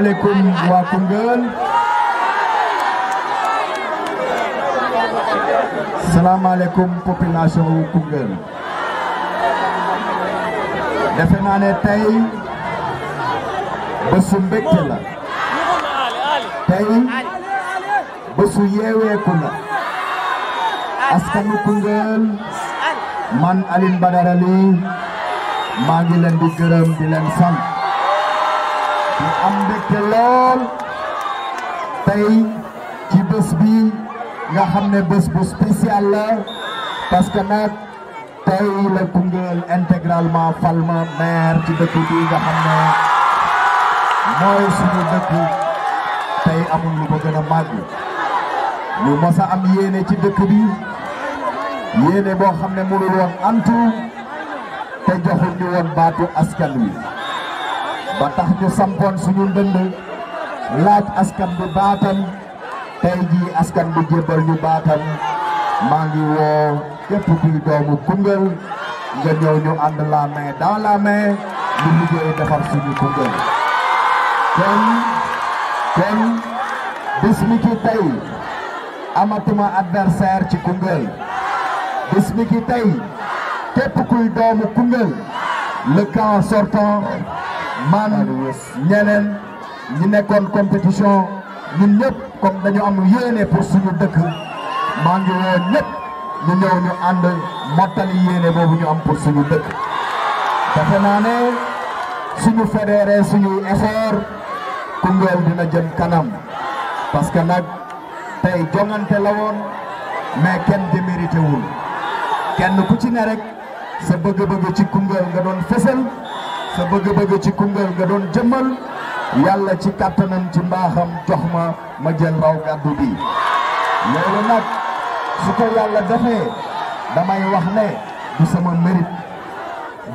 Assalamualaikum waa Assalamualaikum population wu Koungheul defe naa ne tey tay mbégte la tey bésu la askanu Kungel man Alin badarali Ly maa ngi leen di gërëm di leen sant am mbégte lool tey ci bés bi nga xam ne bés bu spécial la parce que nag tey la Koungheul intégralement fal maire ci dëkk bi nga xam ne mooy suñu dëkk tey amul ko gën a màgg ñu mos am yéene ci dëkk bi yéene boo xam ne mënul woon antu te joxul ñu woon baatu askan wi. batah tax sampon sampoon suñu ndënd laaj askan bi baatam tey askan bi jébbal ñu baatam maa ngi woo képp kuy doomu Koungheul nga ñëw ñu ànd la main dans la main ñu liggéey defar suñu kon amatuma adversaire ci Koungheul bis mi ki tey képp kuy doomu le camp sortant man ñeneen ñi nekkoon compétition ñun ñëpp comme dañu am yéene pour suñu dëkk maa ngi woo ñëpp ñu ñëw ñu ànd mottali yéene boobu ñu am pour suñu dëkk. defe naa ne suñu fédéré suñuy effort Koungheul dina jëm kanam parce que nag tey jongante la woon mais kenn démérité wul kenn ku ci ne rek sa bëgg-bëgg ci Koungheul nga doon fësal. sa bëgg-bëgg ci Koungheul nga doon jëmmal yàlla ci kàttanam ci mbaaxam jox ma ma jël raw gàddu bi loolu nag su ko yàlla defee damay wax ne du sama mérite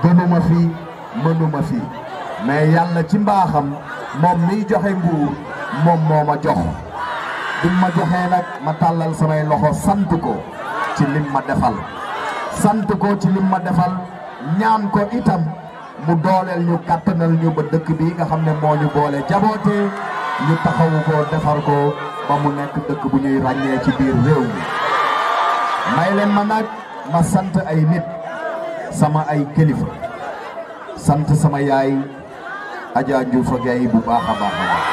gënuma fi mënuma fi mais yàlla ci mbaaxam moom miy joxe nguur moom moo ma jox bi ma joxee ma tàllal samay loxo sant ko ci lim ma defal sant ko ci limma ma defal ñaan ko itam mu dolel ñu kàttanal ñu ba dëkk bi nga xamne mo ñu boole jaboté ñu taxawu ko defar ko ba mu nekk dëkk bu ñuy ragné ci biir réew mi may leen ma nak ma sant ay nit sama ay kelifa sant sama yaay Adja Ndioufa Gueye bu baaxa a baax a baax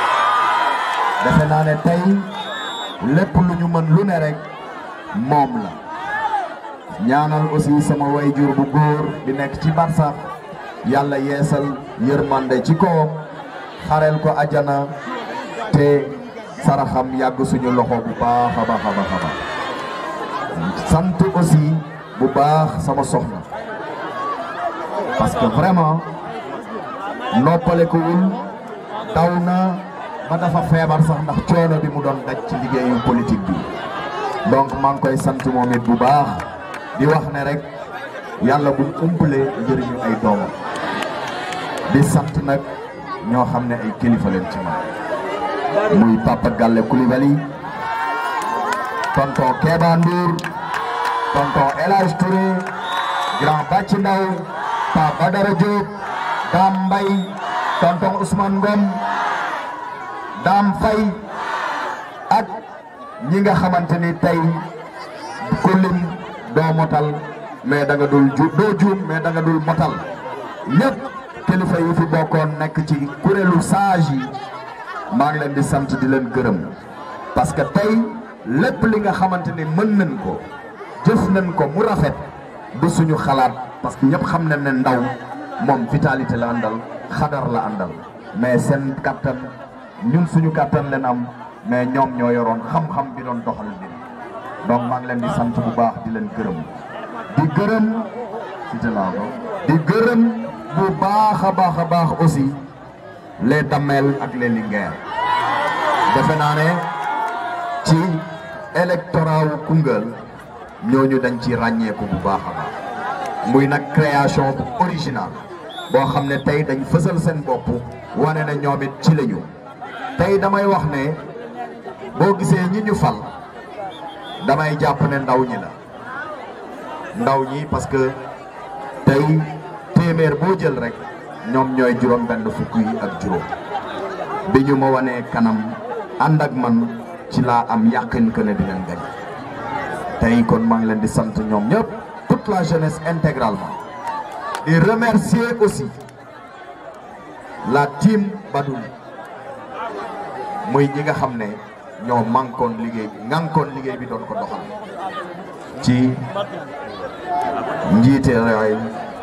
defe naa ne lu ñu mën lu né rek mom la ñaanal aussi sama wayjur bu goor bi nekk ci barsax Yalla yeesal yermande ci ko xarel ko aljana te saraxam yag suñu loxo bu baax a baax a sant aussi bu baax sama soxna parce que vraiment noppale ko wul tawna ba dafa febar sax ndax coono bi mu don daj ci liggéeyu politique bi donc mang koy sant momit bu baax di wax ne rek yalla bu umpale jeriñu ay doomam di sant nak ño xamne ay kilifa len ci man muy papa galle Koulibaly tonto Keba ndir tonto elage Touré grand Bathie Ndaw Pa Badara Diop dam bay tonto Ousmane Ngom dam fay ak ñi nga xamanteni tay motal mais da nga dul do mais da nga dul motal ñepp kilifa yi fi bokon nek ci kurelu sage ma ngi len di sant di len geureum parce que tay lepp li nga xamanteni meun nañ ko def nañ ko mu rafet bu suñu xalaat parce que ñep xam nañ ne ndaw mom vitalité la andal xadar la andal mais sen captain ñun suñu captain len am mais ñom ñoo yoron xam-xam bi doon doxal ni donc ma ngi len di sant bu baax di len geureum di geureum ci di geureum bu baax a baax aussi les Damel ak les Linguère defe naa ne ci électorat wu Koungheul ñooñu dañ ci ràññeeku bu baax a muy nag création bu original boo xam ne tey dañ fësal seen bopp wane ne ñoom it ci lañu tey damay wax ne boo gisee ñi ñu fal damay jàpp ne ndaw ñi la ndaw ñi parce que tey téeméer bo jël rek ñom ñoy juroom benn fukk yi ak juroom bi ñu ma wone kanam and ak man ci la am yaqeen ke ne dinañ gañ tay kon ma ngi leen di sant ñom ñep toute la jeunesse intégralement di remercier aussi la team Badouli moy ñi nga xamne ne ñoo mankoon bi ngànkoon bi doon ko doxal ci rewaye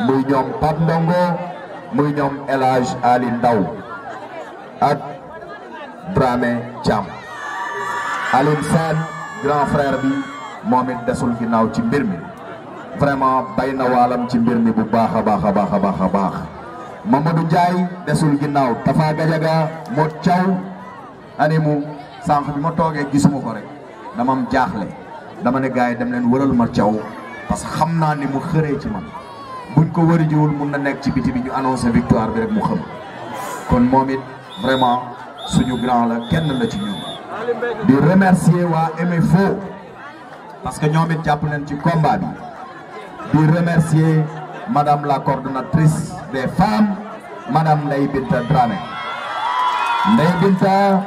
muy ñoom Pape Ndongo muy ñoom El Hadj Ali Ndaw ak Dramé Thiam Aline Sène grand frère bi moom it desul ginnaaw ci mbir mi vraiment bay na waalam ci mbir mi bu baax a baax a baax a baax a baax Mamadou Ndiaye desul ginnaaw Tafa Gajaga Modou Thiaw animu sànq bi ma toogee gisuma ko rek dama am jaaxle dama ne gars yi dem leen wëral ma Thiaw parce que xam naa ni mu xëree ci man buñ ko wari jiwul mun na nekk ci biti bi ñu annoncé victoire bi rek mu xam kon moom it vraiment suñu grand la kenn la ci ñun di remercier waa MFO parce que ñoom it jàpp nañ ci combat bi di remercier madame la coordonnatrice des femmes madame Ndeye Binta Dramé Ndeye Binta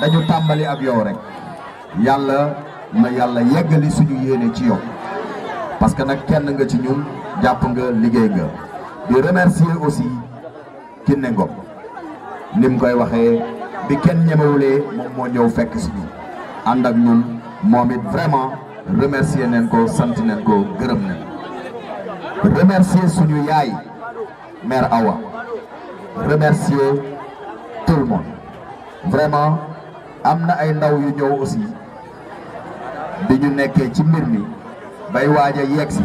dañu tàmbali ak yow rek yàlla na yàlla yeggali suñu yéene ci yow parce que nag kenn nga ci ñun jàpp nga liggéey nga di remercier aussi Kiné ne ni mu koy waxee bi kenn ñemewulee moom moo ñëw fekk suñu ànd ak ñun moom it vraiment remercier neen ko sant neen ko gërëm neen remercier suñu yaay mère Awa remercier tout le monde vraiment am na ay ndaw yu ñëw aussi bi ñu nekkee ci mbir mi bay waaj a yegg si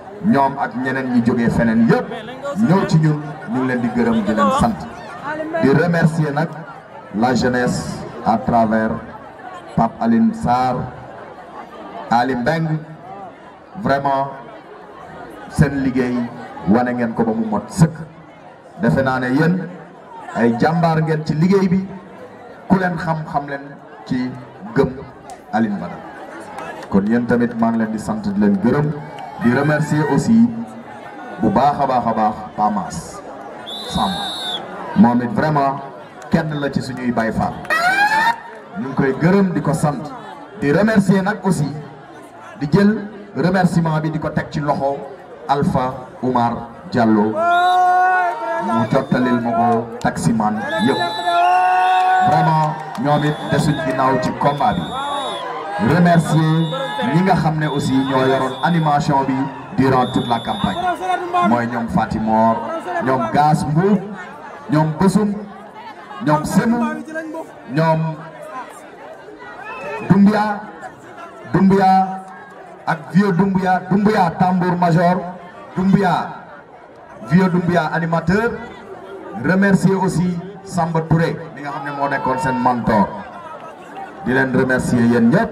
ñoom ak ñeneen ñi jóge feneen yëpp ñëw ci ñun ñu leen di gërëm di leen sant di remercier nag la jeunesse à travers Pape Aline Sarr Ali Mbengue vraiment seen liggéey wane ngeen ko ba mu mot sëkk defe naa ne yéen ay jàmbaar ngeen ci liggéey bi ku leen xam-xam leen ci gëm Aline Badara kon yéen tamit maa ngi leen di sant leen gërëm di remercier aussi bu baax a baax Pamas sam moom it vraiment kenn la ci suñuy Baay Faal ñu koy gërëm di ko sant di remercier nag aussi di jël remerciement bi di ko teg ci loxo Alpha Oumar Diallo mu jottalil ma ko taximan yëpp vraiment ñoom it desuñ ginnaaw ci combat bi remercier ñi nga xamné aussi ñoo yoron animation bi durant toute la campagne moy ñom Fatimor ñom Gas Mbour ñom besum ñom Semu ñom Dumbia Dumbia ak vieux Dumbia Dumbia tambour major Dumbia vieux Dumbia animateur remercier aussi Samba Touré mi nga xamné ne moo sen mentor di len remercier ya, yeen ñëpp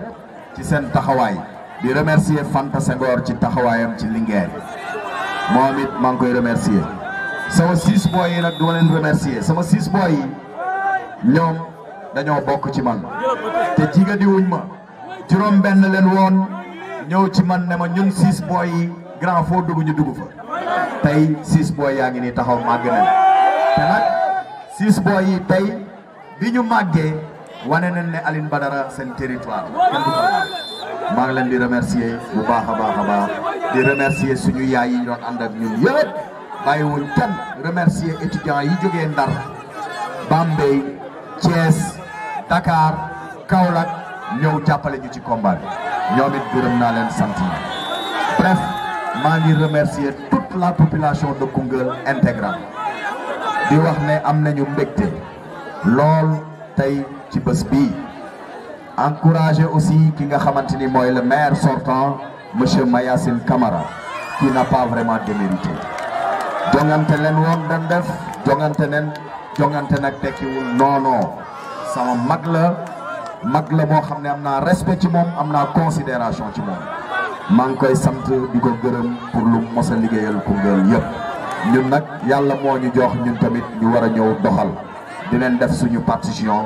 ci sen taxaway di remercier Fanta ya, Senghor ci taxawayam ci Linguère momit mang koy ya remercier sama six boy nak duma len remercier sama six boy ñom dañu bok ci man te jiga di wuñ ma juróom ben len won ñew ci man ne ma ñun six boy grand fo dugu ñu dugu fa tay six boy yaa ngi nii taxaw màgg te nak six boy yi tey bi ñu wane nañ ne Alioune Badara seen territoire maa ngi leen di remercier bu baax a baax di remercier suñu yaay yi doon ànd ak ñun yëpp bàyyiwuñ kenn remercier étudiants yi jógee Ndar Bambey Thiès Dakar Kaolack ñëw jàppale ñu ci combat bi ñoom it naa leen sant bref maa ngi remercier toute la population de Koungheul intégrale di wax ne am nañu mbégte lool tey. ci bés bii encourager aussi ki nga xamante ni mooy le maire sortant monsieur Mayacine Camara kii n'a pas vraiment démérité jongante leen woon dañ def jongante nen jongante nag tekkiwul non non sama mag la mag la moo xam ne am naa respect ci moom am naa considération ci moom maa ngi koy sant di ko gërëm pour lu mos a liggéeyal Koungheul yëpp ñun nag yàlla moo ñu jox ñun tamit ñu war a ñëw doxal di leen def suñu partition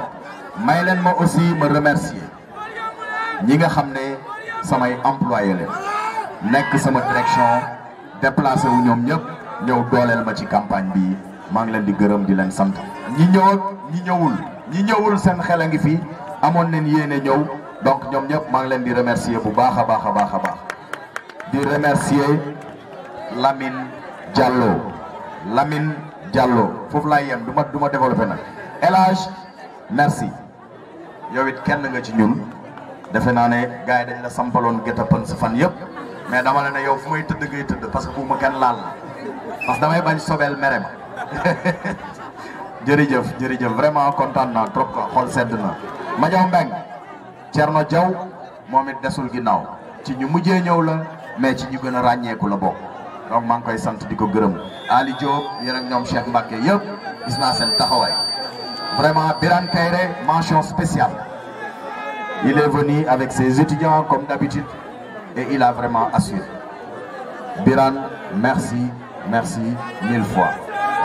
may len ma aussi me remercier ñi nga xamné ne samay employé len nek sama direction déplacé wu ñom ñep ñew dolel ma ci campagne bi ma ngi len di gëreum di len sant ñi ñëwoon ñi ñëwul ñi ñëwul sen xel a fi amon len yene ñëw donc ñom ñep ma ngi len di remercier bu baaxa a baaxa a baax a di remercier Lamine Diallo Lamine Diallo fofu la yem duma duma développer nak Elage merci yowit kenn nga ci ñun defé na né gaay dañ la sampalon gëta pën sa fan yépp mais dama la né yow fu may tëdd ngay tëdd parce que buma kenn laal parce que damay bañ sobel mere ma jërëjëf jërëjëf vraiment content na trop quoi xol sedd na ma jaw mbeng cerno jaw momit dessul ginnaw ci ñu mujjé ñew la mais ci ñu gëna a ràññeeku la bok donc maa ngi koy sant diko gëreum Ali job yéen ak ñoom Cheikh Mbacke yépp gis na sen taxaway Vraiment, Biran Kairé, mention spéciale. Il est venu avec ses étudiants comme d'habitude et il a vraiment assuré. Biran, merci, merci mille fois.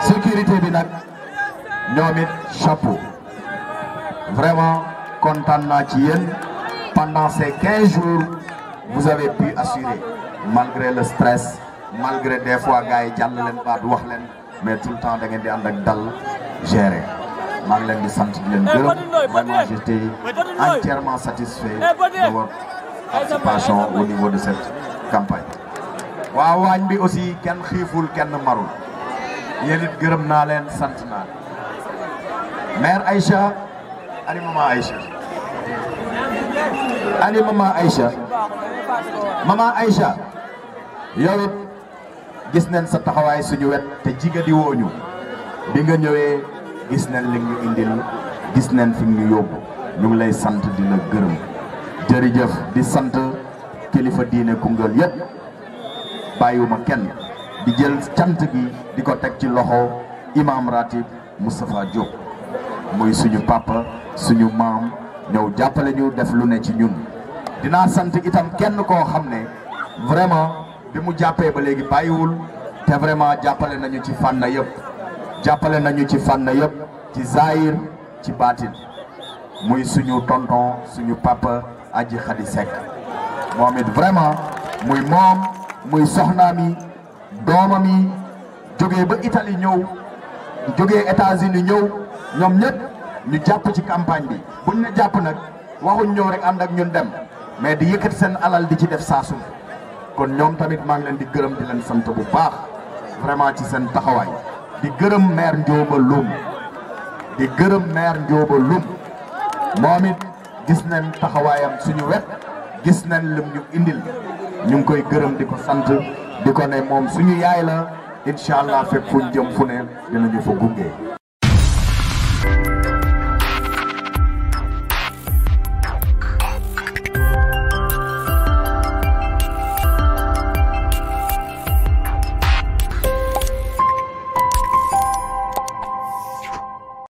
Sécurité Binak, Nyomit, chapeau. Vraiment, content Pendant ces 15 jours, vous avez pu assurer, malgré le stress, malgré des fois, mais tout le temps, vous avez dal, gérer. Je eh, suis entièrement satisfait eh, de votre participation eh, au niveau de cette campagne. aussi marul mère Aïcha allez maman Aïcha allez maman Aïcha maman Aïcha yow gis sa te di gis nañ li ñu indil gis nañ fi ñu yóbbu ñu ngi lay sant di la gërëm jërëjëf di sant kilifa diine Koungheul yépp bàyyiwuma kenn di jël cant gi di ko teg ci loxo imam ratib Moustapha Diop muy suñu papa suñu maam ñëw jàppale ñu def lu ne ci ñun dinaa sant itam kenn koo xam ne vraiment bi mu jàppee ba léegi bàyyiwul te vraiment jàppale nañu ci fànn yëpp jàppale nañu ci fànn yëpp ci zahir ci baatin muy suñu tonton suñu papa Aji Khady Seck moom vraiment muy moom muy soxnaam yi doomam yi jógee ba Italie ñëw jóge États-Unis ñëw ñoom ñëpp ñu jàpp ci campagne bi buñ ne jàpp nag waxuñ ñëw rek ànd ak ñun dem mais di yëkkati seen alal di ci def saasu kon ñoom tamit maa ngi leen di gërëm di leen sant bu baax vraiment ci seen taxawaay di gërëm meer Ndioba Loum di gërëm maire Ndioba Loum moom it gis nañ taxawaayam suñu wet gis nañ lim ñu indil ñu ngi koy gërëm di ko sant di ko ne moom suñu yaay la incha allah fekk fuñ jëm fu ne dinañu fa gunge.